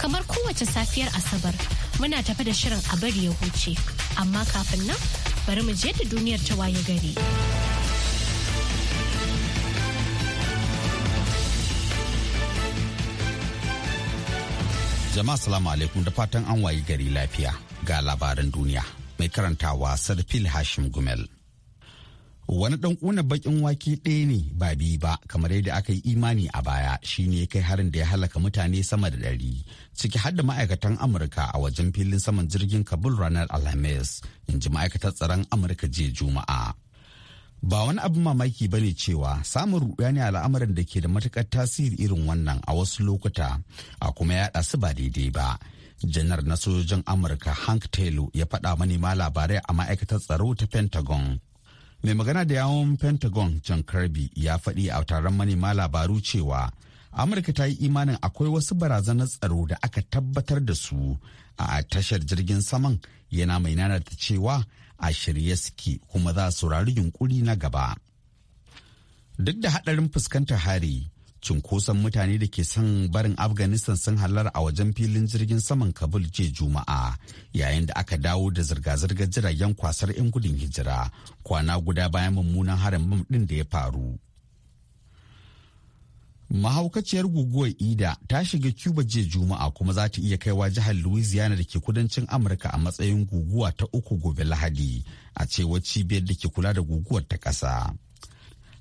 Kamar kowace safiyar Asabar muna tafi da shirin a bari ya huce, amma kafin nan bari mu je da duniyar ta waye gari. Jama'a salamu alaikum da fatan an wayi gari lafiya ga labaran duniya mai karantawa Sarfil Hashim Gumel. wani dan kuna bakin wake ɗaya ne ba biyu ba kamar yadda aka yi imani a baya shine kai harin da ya halaka mutane sama da ɗari ciki har da ma'aikatan amurka a wajen filin saman jirgin kabul ranar alhamis in ji ma'aikatar tsaron amurka jiya juma'a ba wani abin mamaki ba ne cewa samun ruɗani al'amarin da ke da matukar tasiri irin wannan a wasu lokuta a kuma yaɗa su ba daidai ba janar na sojojin amurka hank taylor ya faɗa manema labarai a ma'aikatar tsaro ta pentagon mai magana da yawon pentagon john kirby ya faɗi a taron manema labaru cewa amurka ta yi imanin akwai wasu barazanar tsaro da aka tabbatar da su a tashar jirgin saman yana mai nanata cewa a shirye suke kuma za su rari yunkuri na gaba duk da haɗarin fuskantar hari Cunkoson mutane da ke son barin Afghanistan sun halar a wajen filin jirgin saman Kabul je Juma'a yayin da aka dawo da zirga-zirgar jiragen kwasar 'yan gudun hijira kwana guda bayan mummunan harin bam ɗin da ya faru. mahaukaciyar guguwar ida ta shiga cuba je juma'a kuma za ta iya kaiwa jihar louisiana da ke kudancin amurka a matsayin guguwa ta uku gobe lahadi a cewar cibiyar da ke kula da guguwar ta ƙasa.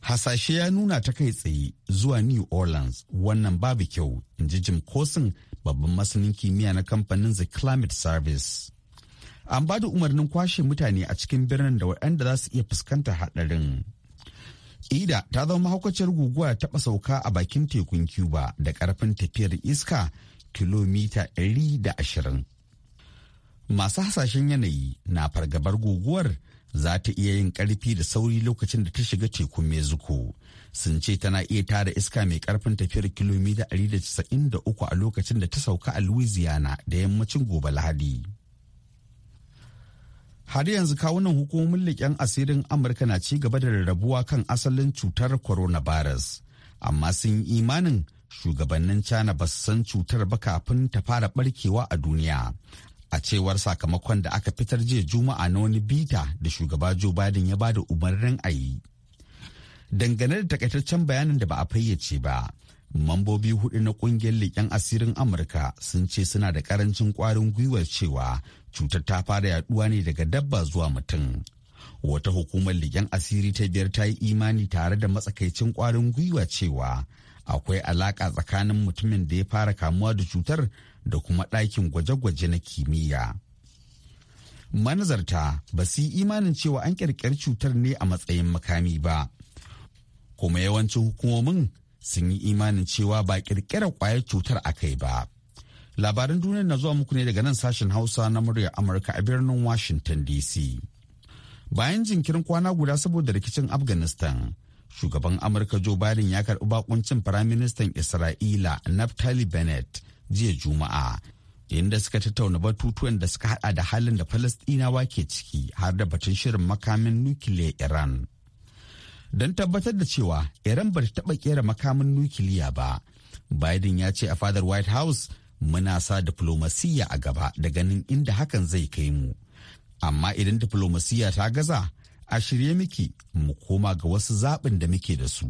hasashe ya nuna ta kai tsaye zuwa new orleans wannan babu kyau in ji jim kosin babban masanin kimiyya na kamfanin the climate service an ba da umarnin kwashe mutane a cikin birnin da waɗanda za su iya fuskantar haɗarin ida ta zama mahaukaciyar guguwa taɓa sauka a bakin tekun cuba da ƙarfin tafiyar iska kilomita 120 masu hasashen yanayi na fargabar guguwar za ta iya yin ƙarfi da sauri lokacin da ta shiga tekun mezuko sun ce tana iya tara iska mai ƙarfin tafiyar kilomita 193 a lokacin da ta sauka a louisiana da yammacin gobe lahadi har yanzu kawunan hukumomin leƙen asirin amurka na ci gaba da rarrabuwa kan asalin cutar coronavirus amma sun yi imanin shugabannin China ba su san cutar ba kafin ta fara barkewa a duniya a cewar sakamakon da aka fitar jiya juma'a na wani bita da shugaba joe biden ya bada umarnin a yi dangane da takaitaccen bayanin da ba a fayyace ba mambobi hudu na kungiyar leƙen asirin amurka sun ce suna da karancin kwarin gwiwar cewa cutar ta fara yaduwa ne daga dabba zuwa mutum wata hukumar leƙen asiri ta biyar ta yi imani tare da matsakaicin kwarin gwiwa cewa akwai alaƙa tsakanin mutumin da ya fara kamuwa da cutar da kuma ɗakin gwaje-gwaje na kimiyya. Manazarta ba su yi imanin cewa an ƙirƙiri cutar ne a matsayin makami ba, kuma yawancin hukumomin sun yi imanin cewa ba ƙirƙirar ƙwayar cutar a kai ba. labarin duniya na zuwa muku ne daga nan sashen Hausa na murya Amurka a birnin Washington DC. Bayan jinkirin kwana guda saboda rikicin Afghanistan, shugaban Amurka Joe Biden ya karɓi baƙuncin Firaministan Isra'ila Naftali Bennett jiya juma'a inda suka tattauna batutuwan da suka hada da halin da falastinawa ke ciki har da batun shirin makamin nukiliya iran don tabbatar da cewa iran bata ta taba kera makamin nukiliya ba biden ya ce a fadar white house muna sa diflomasiyya a gaba da ganin inda hakan zai kai mu amma idan diflomasiyya ta gaza a shirye miki mu koma ga wasu zaɓin da muke da su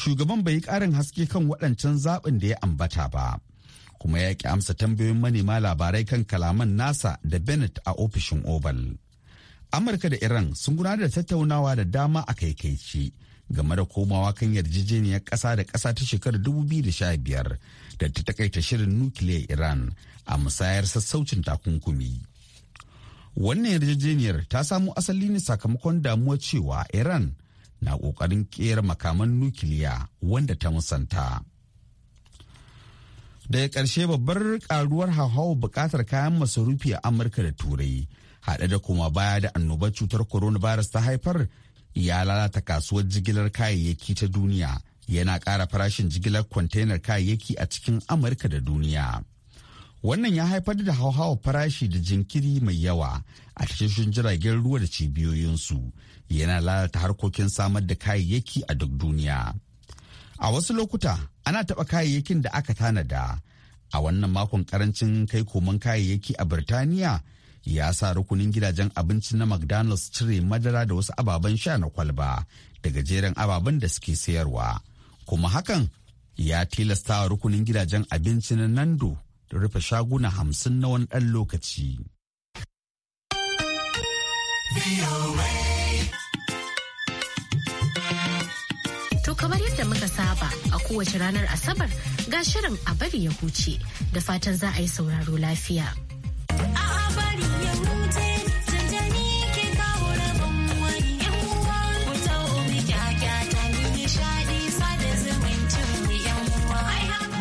shugaban bai yi ƙarin haske kan waɗancan zaɓin da ya ambata ba. kuma ya ki amsa tambayoyin manema labarai kan kalaman nasa da benet a ofishin Oval. Amurka da Iran sun gudanar da tattaunawa da dama a kaikaici game da komawa kan yarjejeniyar ƙasa da ƙasa ta dubu 2015 da da ta takaita shirin nukiliyar Iran a musayar sassaucin takunkumi. Wannan yarjejeniyar ta samu asali ne sakamakon damuwa cewa Iran na ƙoƙarin ƙera makaman nukiliya wanda ta musanta. daga ƙarshe babbar karuwar hauhawa buƙatar kayan masarufi a amurka da turai haɗe da kuma baya da annobar cutar coronavirus ta haifar ya lalata kasuwar jigilar kayayyaki ta duniya yana ƙara farashin jigilar kwantenar kayayyaki a cikin amurka da duniya wannan ya haifar da hauhawar farashi da jinkiri mai yawa a tashoshin jiragen ruwa da cibiyoyinsu yana lalata harkokin samar da kayayyaki a duk duniya A wasu lokuta ana taɓa kayayyakin da aka tanada. A wannan makon karancin kai koman kayayyaki a Birtaniya ya sa rukunin gidajen abinci na McDonald's cire madara da wasu ababen sha na kwalba daga jeren ababen da suke sayarwa. Kuma hakan ya tilasta rukunin gidajen abinci na Nando da rufe shaguna hamsin na wani ɗan lokaci. kamar yadda muka saba a kowace ranar Asabar ga shirin a bari ya huce da fatan za a yi sauraro lafiya.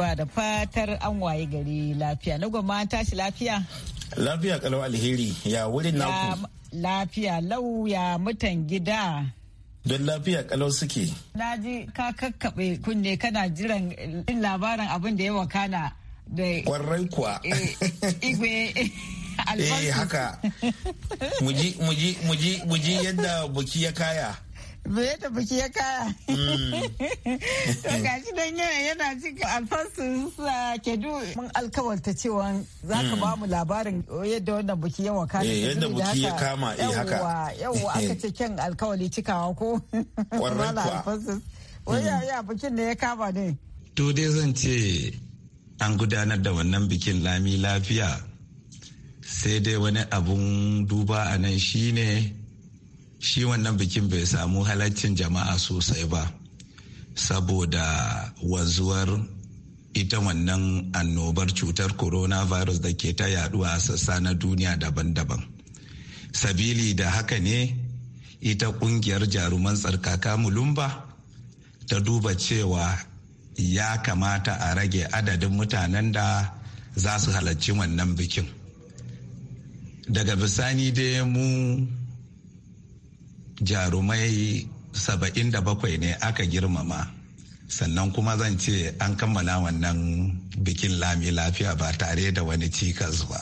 ba da fatar an waye gari lafiya. Na gwamma an tashi lafiya? Lafiya kalau alheri ya wurin naku. Lafiya lau ya mutan gida. Don lafiya kalau suke. Na ji ka kakkaɓe kunne kana jiran eh, labarin abin da ya wakana. da kwarai kuwa eh, igwe eh, eh haka muji yadda buki ya kaya ba da tafi ya kaya. Mm. To shi dan yana cikin alfansu kedu mun alkawarta cewa za ka mm. ba mu labarin yadda wannan buki ya wakana. Eh, yadda buki ya kama eh haka. Yawwa eh. aka ce kyan alkawari cikawa ko. Kwarai kuwa. Wai ya mm. bikin da ya kama ne. To dai zan ce an gudanar da wannan bikin lami lafiya sai dai wani abun duba a nan shine shi wannan bikin bai samu halaccin jama'a sosai ba saboda wanzuwar ita wannan annobar cutar coronavirus da ke ta yaduwa a sassa na duniya daban-daban sabili da haka ne ita kungiyar jaruman tsarkaka mulumba ta duba cewa ya kamata a rage adadin mutanen da za su halarci wannan bikin daga bisani dai mu jarumai saba'in da bakwai ne aka girmama sannan kuma zan ce an kammala wannan bikin lami lafiya ba tare da wani cikas ba.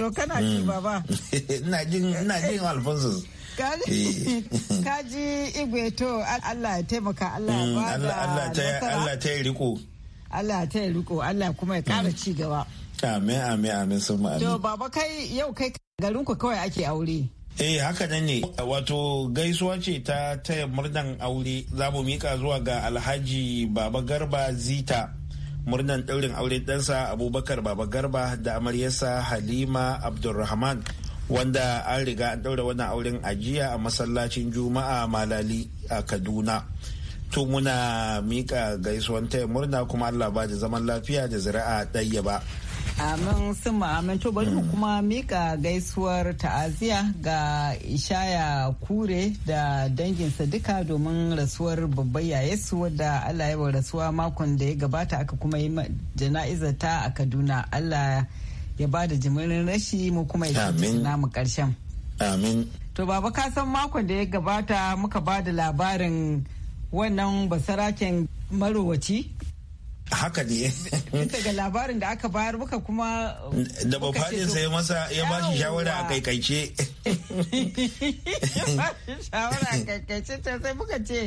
Doka na ji hmm. baba. Ina jin Alfonso. Kaji eh. igwe to Allah ya taimaka Allah ya hmm, bada Allah ta yi riko. Allah ta yi riko Allah kuma ya kara hmm. ci gaba. Amin amin amin sun ma'ani To baba kai yau kai garin ku kawai ake aure. Eh haka nan ne wato gaisuwa ce ta taya murnan aure za mu mika zuwa ga alhaji baba garba zita murnan ɗaurin aure ɗansa abubakar baba garba da amaryarsa halima abdulrahman wanda an riga an ɗaura wannan auren ajiya a masallacin juma'a malali a kaduna to muna mika gaisuwan taya murna kuma allah ba da zaman lafiya da zira'a ɗayyaba ba Amin sun amin to bari kuma mika gaisuwar ta'aziya ga Ishaya Kure da danginsa duka domin rasuwar babban yayesu wadda Allah ya wa rasuwa makon da ya gabata aka kuma yi jana'iza ta a Kaduna. Allah ya ba da jimirin rashi mu kuma ya namu karshen. Amin. To baba ka san makon da ya gabata muka ba da labarin wannan basaraken marowaci haka ne daga labarin da aka bayar muka kuma da ba fadin sai masa ya ba shi shawara a kaikaice shawara a ta sai muka ce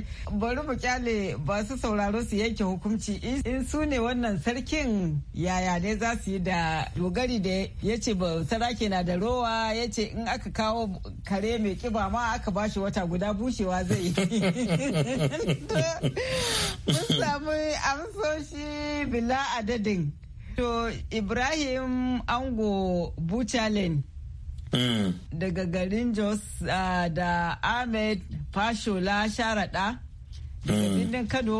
bari mu kyale ba su sauraro su yanke hukunci in su ne wannan sarkin yaya ne za su yi da dogari da ya ce ba sarake na da rowa ya ce in aka kawo kare mai kiba ma aka ba shi wata guda bushewa zai yi mun samu amsoshi bila adadin to ibrahim ango buchalen mm. daga garin jos ah, da ahmed fashola sharaɗa daga mm. birnin kano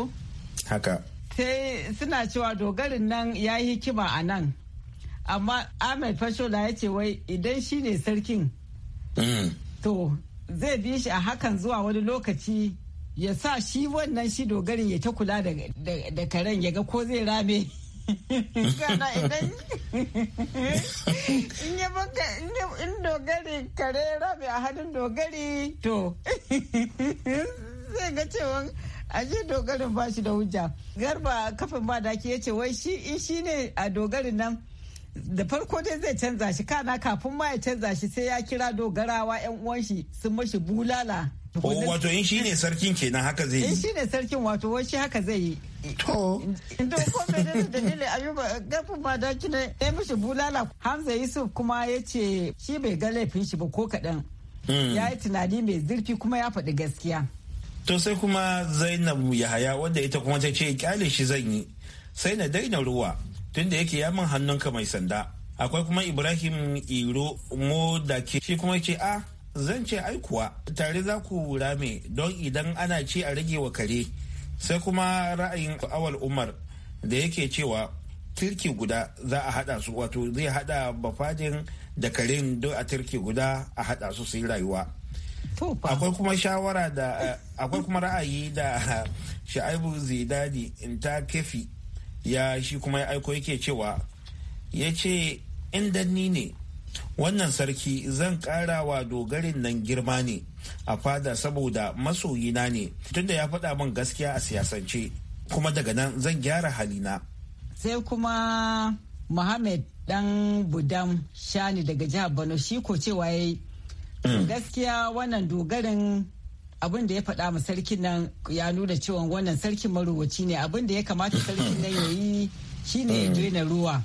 haka sai suna cewa dogarin nan ya yi hikima a nan amma ahmed fashola ya ce wai idan shi ne sarkin hmm. to zai bi shi a hakan zuwa wani lokaci ya sa shi wannan shi dogarin ya ta kula da karen ya ga ko zai rame kana idan in ya baka in dogari kare rame a hannun dogari to zai ga cewa ashe dogarin ba shi da hujja garba kafin ba daki ya ce wai shi in shi ne a dogarin nan da farko dai zai canza shi kana kafin ma ya canza shi sai ya kira dogarawa yan uwanshi shi sun mashi bulala wato in shi ne sarkin kenan haka zai yi in shi ne sarkin wato wani shi haka zai yi to to ko me da dalilin ayuba gafin ba da kina sai mishi bulala hamza yusuf kuma ya ce shi bai ga laifin shi ba ko kaɗan hmm. ya yi tunani mai zurfi kuma ya faɗi gaskiya to sai kuma zainab yahaya wanda ita kuma ta ce kyale shi zan yi sai na daina ruwa tunda yake ya min hannunka mai sanda akwai kuma ibrahim iro mo da ke shi kuma ce a ah, zan ce aikuwa tare za ku rame don idan ana ci a rage wa kare sai kuma ra'ayin awal umar da yake cewa turki guda za a hada su wato zai hada bafadin da karen don a turki guda a hada su su yi rayuwa akwai kuma shawara da akwai kuma ra'ayi da sha'ibu zidadi ta kefi ya shi kuma ya aiko yake cewa ya ce in danni ne wannan sarki zan kara wa dogarin nan girma ne a fada saboda masoyina ne tunda ya faɗa min gaskiya a siyasance kuma daga nan zan gyara halina sai kuma Muhammad dan budam shani daga jihar Borno shi ko cewa ya mm. gaskiya wannan dogarin abin da ya faɗa ma sarkin nan ya nuna cewa wannan sarkin maruwaci ne abin da ya kamata sarkin nan ya yi shine ya daina mm. ruwa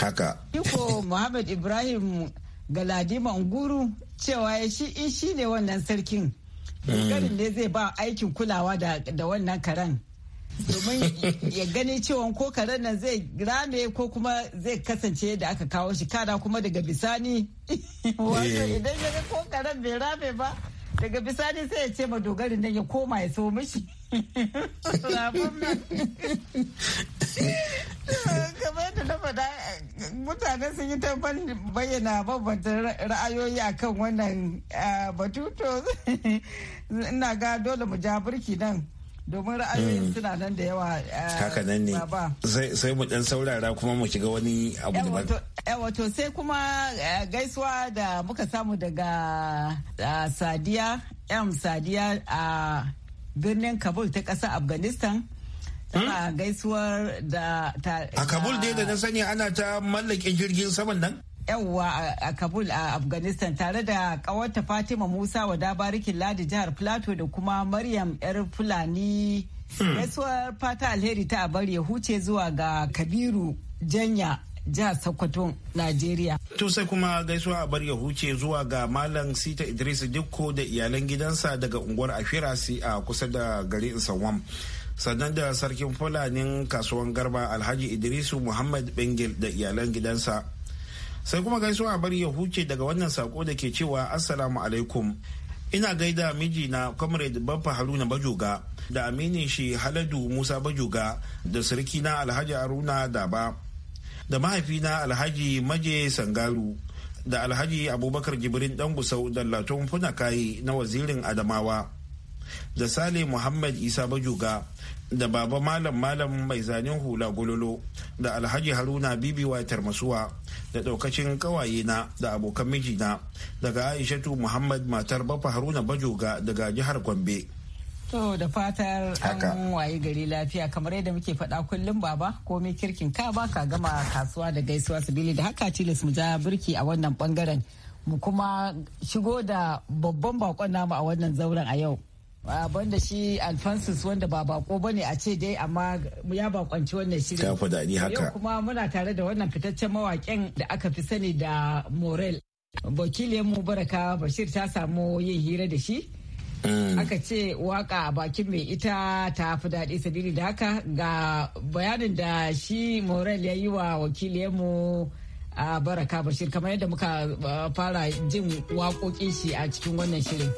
haka iko muhammad ibrahim Galadi Manguru cewa ya shi eh, shi ne wannan sarkin mm. garin ne zai ba aikin kulawa da wannan karen domin ya gani cewa ko karen nan zai rame ko kuma zai kasance da aka kawo shi kada kuma daga bisani eh. idan ya ko karen bai rame ba daga bisani sai ya ce ma dogarin nan ya koma ya so mishi kamar da na faɗa mutane sun yi ta bayyana bambanta ra'ayoyi akan wannan eh, batu to ina ga dole mu ja birki nan domin ra'ayoyin hmm. suna nan da yawa eh, haka nan ne sai mu dan saurara kuma mu shiga wani abu daban wato sai kuma eh, gaisuwa da muka samu daga sadiya m sadiya a ah, birnin kabul ta ƙasar afghanistan tana hmm? gaisuwar da a kabul dai da na sani ana ta mallake jirgin saman nan yawwa a kabul a afghanistan tare da kawarta fatima musa wa dabarikin ladi jihar plateau da kuma maryam yar fulani hmm. gaisuwar fata alheri ta bari ya huce zuwa ga kabiru janya jihar Sokoto, Najeriya. To sai kuma gaisuwa a bar ya huce zuwa ga Malam Sita Idris Dikko da iyalan gidansa daga unguwar Afirasi a kusa da in Sawam. sannan da sarkin fulanin kasuwan garba alhaji idrisu muhammad bengil da iyalan gidansa sai kuma gaisuwa a bari ya huce daga wannan sako da ke cewa assalamu alaikum ina gaida mijina comrade baffa haruna bajoga da aminin shi haladu musa bajoga da surukina alhaji haruna daba da mahaifina alhaji maje sangaru da alhaji abubakar jibrin dan gusau da latun funakaye na wazirin adamawa da sale muhammad isa bajuga da baba malam malam mai zanen hula gololo da alhaji haruna bibi watar masuwa da daukacin kawayena da abokan mijina daga aishatu muhammad matar bafa haruna bajoga daga jihar gombe To da fatar an waye gari lafiya kamar yadda muke faɗa kullum baba komai kirkin ka ba ka gama kasuwa da gaisuwa su da haka tilas mu ja birki a wannan bangaren mu kuma shigo da babban bakon namu a wannan zauren a yau. banda shi alfansus wanda ba bako ba a ce dai amma ya bakonci wannan shirin. haka. Yau kuma muna tare da wannan fitaccen mawaƙin da aka fi sani da Morel. Wakilin mu Baraka Bashir ta samu yin hira da shi. Mm. aka ce waka a bakin mai ita ta fi daɗi sabili da haka ga bayanin da shi morel ya yi wa wakiliyarmu a baraka bashir kamar yadda muka fara jin waƙoƙin shi a cikin wannan shirin.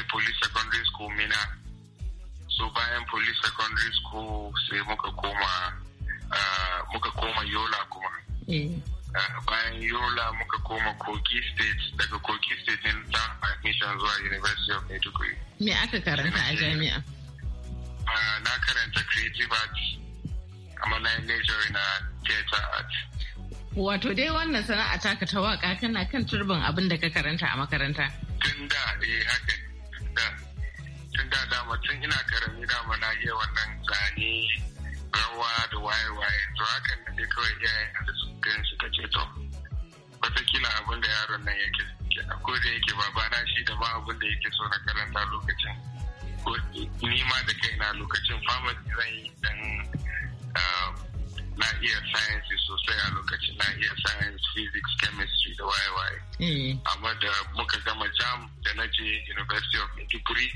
je police secondary school mina so bayan police secondary school sai muka koma ah, muka koma yola kuma eh. ah, bayan yola muka koma kogi state daga kogi state ne ta admission zuwa university of maiduguri me aka karanta a jami'a ah, na karanta creative arts amma na major na theater arts wato dai wannan sana'a taka ta waka kana kan turbin abin da ka karanta a makaranta tun da eh haka Mutum ina karami dama na iya wannan zane rawa da waye-waye to hakan da ne kawai iyayen da su gan shi kace to watakila abin da yaron nan yake ko da yake babana shi da ma abin da yake so na karanta lokacin ko ni ma da kai na lokacin famasi zan yi dan ah, na iya science sosai a lokacin na iya science physics chemistry da waye-waye eh. amma da muka gama jam da na je university of maiduguri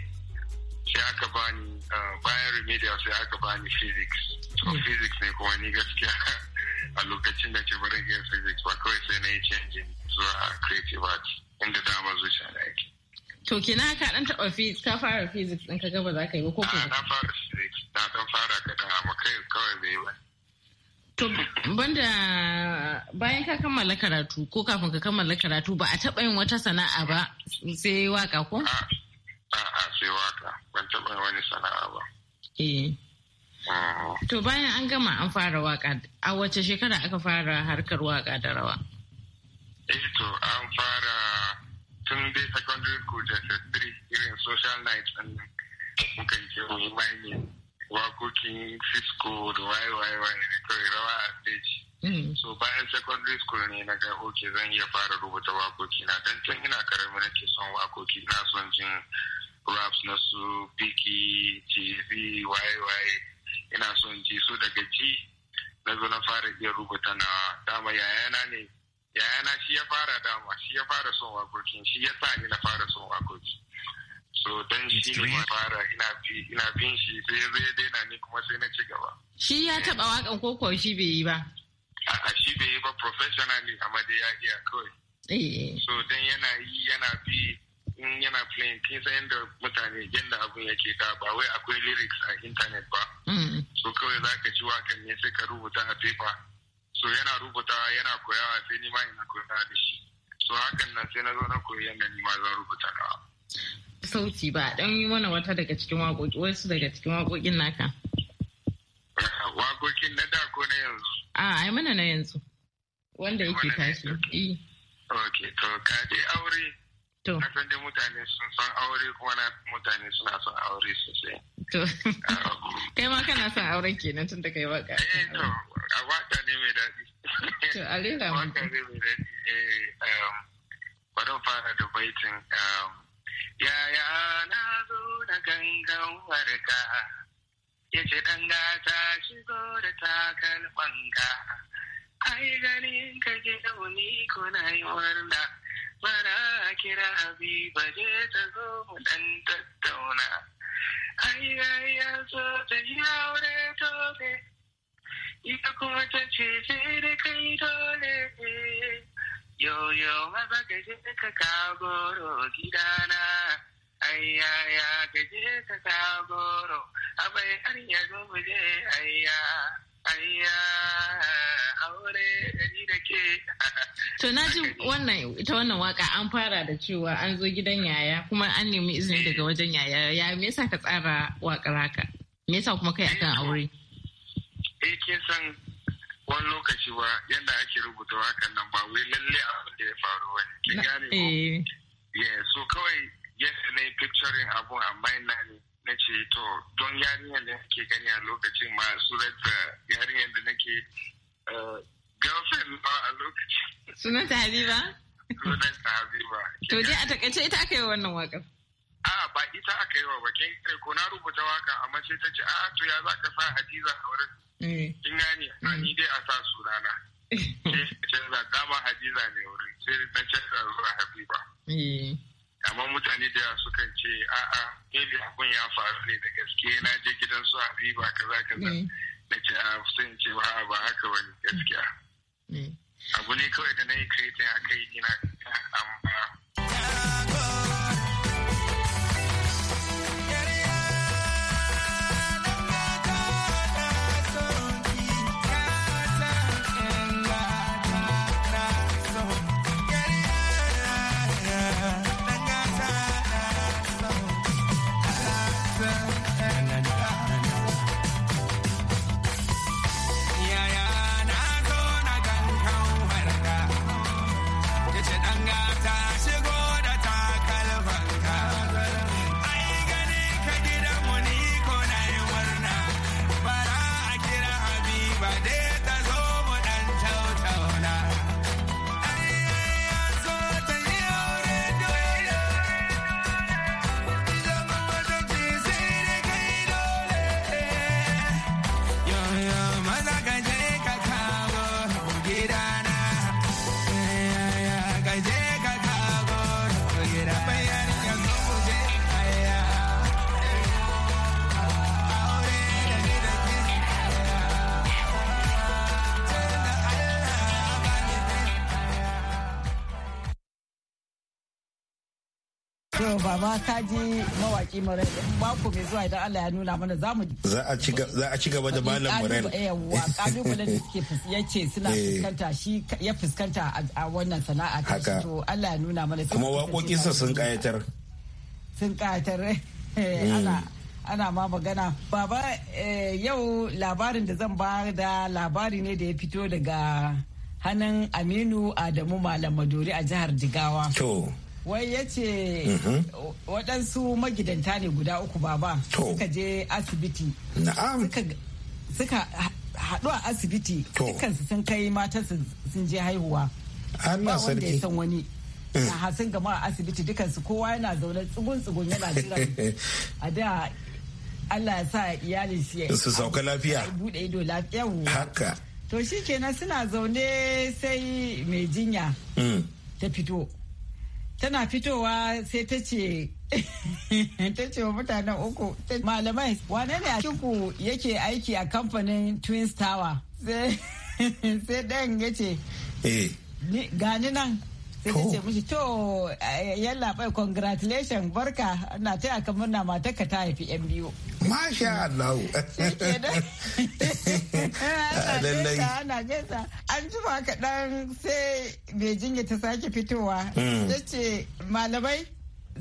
sai aka bani ah, bayan remedial sai aka bani physics so hmm. physics ne kuma ni gaskiya a lokacin da ke barin iya physics ba kawai sai na yi canjin zuwa creative arts inda dama zuciya na yake to kina ka dan taba physics ka fara physics din ka gaba za ka yi ba ko ah, ko na fara physics na dan fara kaɗan amma kai kawai bai ba To banda bayan ka kammala karatu ko kafin ka kammala karatu ba a taɓa yin wata sana'a ba sai waka ko? A'a ah, sai waka. ban taɓa wani sana'a ba. Eh. Ah. To bayan an gama an fara waka a wace shekara aka fara harkar waka da rawa? Eh to an fara tun dai secondary school da three irin social night din muka je mu yi mining wakokin fisco da waye waye kawai rawa a stage. Hmm. so bayan secondary school ne na ga oke zan iya fara rubuta wakoki na dan can ina karami nake son wakoki na son jin raps na su piki tv waye waye ina son ji su daga ji na zo na fara iya rubuta na dama yayana ne yayana shi ya fara dama shi ya fara son wakokin shi ya sa ni na fara son wakoki so dan shi ne ma fara ina bi ina bin shi sai ya zai daina ni kuma sai na ci gaba shi ya taba wakan koko shi bai yi ba a shi bai yi ba professionally amma dai ya iya kawai eh. so dan yana yi yana bi in yana playing kai san da mutane yadda abun yake da ba wai akwai lyrics a internet ba mm-hmm. so kawai za ka ji wakan ne sai ka rubuta a paper so yana rubuta yana koyawa sai ni ma ina koyawa da shi so hakan nan sai na zo na koyi yadda ni ma za rubuta na sauti ba dan yi mana wata daga cikin waƙoƙi wasu daga cikin waƙoƙin naka waƙoƙin na da ko na yanzu a ai mana na yanzu wanda yake tashi eh okay to ka dai aure To. san dai mutane sun san aure kuma na mutane suna son aure sosai. To. Kai ma kana son aure kenan tun da kai waka. Eh to, a waka ne mai daɗi. To, a lera mu. Waka ne mai daɗi. Eh, um, bari fara da baitin. Um, Yaya na zo na gangan warka. Ya ce ɗan gata shigo da takalman ka. Ai ganin ka ke ni ko na yi warna. bara kira bi baje ta zo mu dan tattauna ai ai ya so ta yi aure dole ita kuma ta ce sai da kai dole yo yo maza ka je ka kagoro gidana ai ai ya ka je ka kagoro abai an ya zo mu je ai ya ai ya aure To na ji wannan ita wannan waka an fara da cewa an zo gidan yaya kuma an nemi izini daga wajen yaya ya me yasa ka tsara wakar haka me yasa kuma kai akan aure eh kin san wani lokaci ba yadda ake rubuta wakan nan ba wai lalle abin da ya faru ne, kin gane ko eh. yeah so kawai yadda na yi picturing abun a na ne na ce to don yarinyar da nake gani a lokacin ma surat yarinyar da nake eh, girlfriend ba a lokaci. Sunanta Habiba? Sunanta Habiba. To dai a takaice ita aka yi wannan waƙar. A'a ba ita aka yi wa ba kin kai ko na rubuta waka amma sai ta ce a'a to ya zaka sa Hadiza a wurin. Eh. Kin gane a ni dai a sa sunana. Canza dama Hadiza ne wurin sai na canza zuwa Habiba. Eh. Amma mutane da yawa sukan ce a'a maybe abun ya faru ne da gaske na je gidan su Habiba kaza kaza. Eh. Na ce a sun ce ba ba haka wani gaskiya. Eh. abu ne kawai da na yi kai a kai ina amma ka kaji mawaki ba ku mai zuwa idan Allah ya nuna mana za mu za a ci gaba da malam murai yawa kalubalen da suke yace suna eh. fuskanta shi ya fuskanta a wannan sana'a ta to Allah ya nuna mana kuma sa sun kayatar sun kayatar hmm. ana ana ma magana baba eh, yau labarin da zan ba da labari ne da ya fito daga hannun aminu adamu malam maduri a jihar jigawa to wai ya ce mhm. waɗansu magidanta ne guda uku baba suka je asibiti suka haɗu a asibiti dukansu sun kai matansu sun je haihuwa ba wanda ya san wani na eh. hasin gama a asibiti dukansu kowa yana zaune tsugun tsugun yana jira a da Allah ya sa iyalin shi su sauka lafiya bude ido lafiya haka to shikenan suna zaune sai mai jinya mm. ta fito tana fitowa sai ta ce ta ce wa mutanen uku malamai wane ne a ciku yake aiki a kamfanin twins tower sai ɗayan ya ce eh. gani nan sai ce mishi to eh, yalla bai congratulation barka na taya ka murna matarka ta haifi yan biyu masha Allah ah, lallai ana gaisa an jima kaɗan sai Beijing ta sake fitowa hmm. ta ce malamai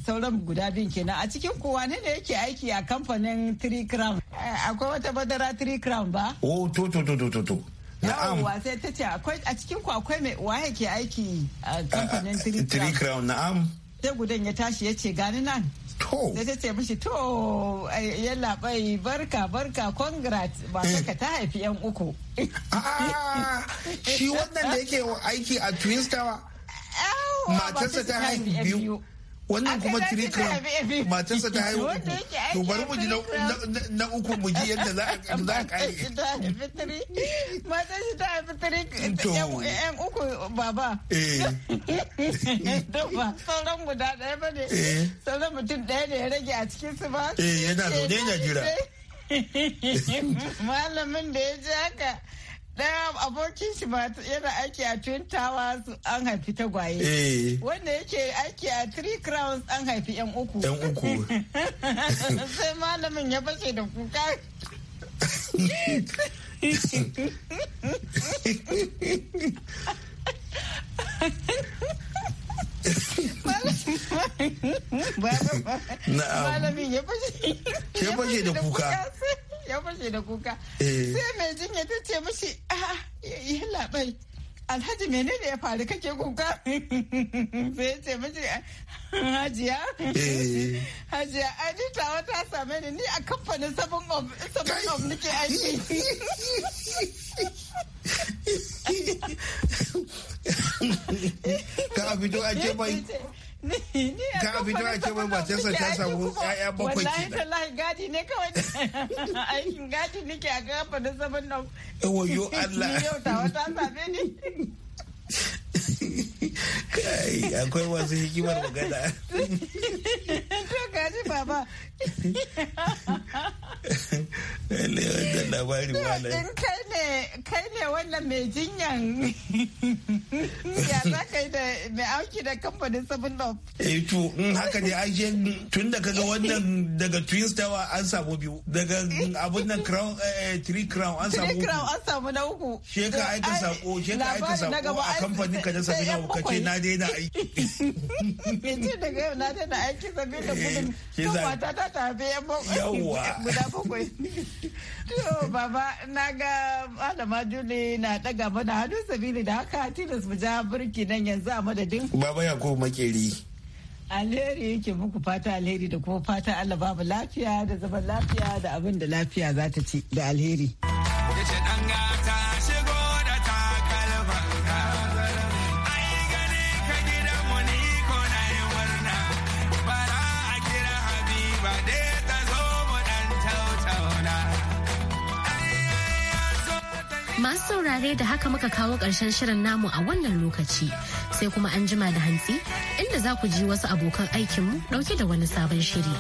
sauran guda biyu kenan a cikin kowa ne da yake aiki a kamfanin three crown eh, akwai wata madara three crown ba? oh to to to to to yawwa sai ta ce a cikin akwai mai waye ke aiki a kamfanin three crown na'am sai gudan ya tashi ya ce gani nan to sai ta ce mishi to yalla bai barka barka congrats ba saka ta haifi yan uku ah, shi wannan da yake aiki a twin star matarsa ta haifi biyu wannan kuma cirika matarsa ta haihu to bari mu ji na uku mu ji yadda za a kare matar shi ta haifi tiri yan uku baba eh. ba sauran guda daya ba ne eh. sauran mutum daya ne ya rage a cikin su ba eh, yana zaune yana jira malamin da ya ji haka Daya abokin shi ba yana aiki a Twin Towers an haifi tagwaye. Eh. Wanda yake aiki a Three Crowns an haifi yan uku. Yan uku. Sai malamin ya fashe da kuka. Malamin ya bace da kuka. ya fashe da kuka eh. sai mai jinya ta ce mishi ah, yi labai alhaji menene ya faru kake kuka sai ya ce mishi hajiya eh. hajiya anita wata same ni ni a kamfanin sabon of nake aiki ka a ce mai ka abin da ake mai mace sa ta samu yaya bakwai kenan wallahi gadi ne kawai aikin gadi nake a gafa da nan wayo Allah ni yau ta wata same ni kai akwai hikimar magana to baba kai ne wannan mai jinyan ya za yi da mai auki da kamfanin seven eh to in haka ne tun da kaga wannan daga twin tower an samu biyu daga abun nan crown eh, three crown an samu three crown an samu na uku she ka aika sako she ka aika sako a kamfanin ka na seven up ka ce na daina aiki ce daga yau na daina aiki ta tafi guda bakwai. To baba na ga malama Jule na daga mana hannu sabili da haka tilas mu ja birki nan yanzu a madadin. Baba Yakubu Makeri. Alheri yake muku fata alheri da kuma fata Allah babu lafiya da zaman lafiya da abin da lafiya za ta ci da alheri. Masu saurare da haka muka kawo ƙarshen shirin namu a wannan lokaci sai kuma an jima da hantsi inda za ku ji wasu abokan aikinmu ɗauke da wani sabon shiri.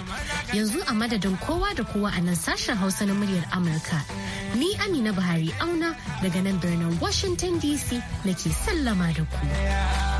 Yanzu a madadin kowa da kowa a nan sashen Hausa na muryar Amurka. Ni Amina Buhari auna daga nan birnin Washington DC nake sallama da ku.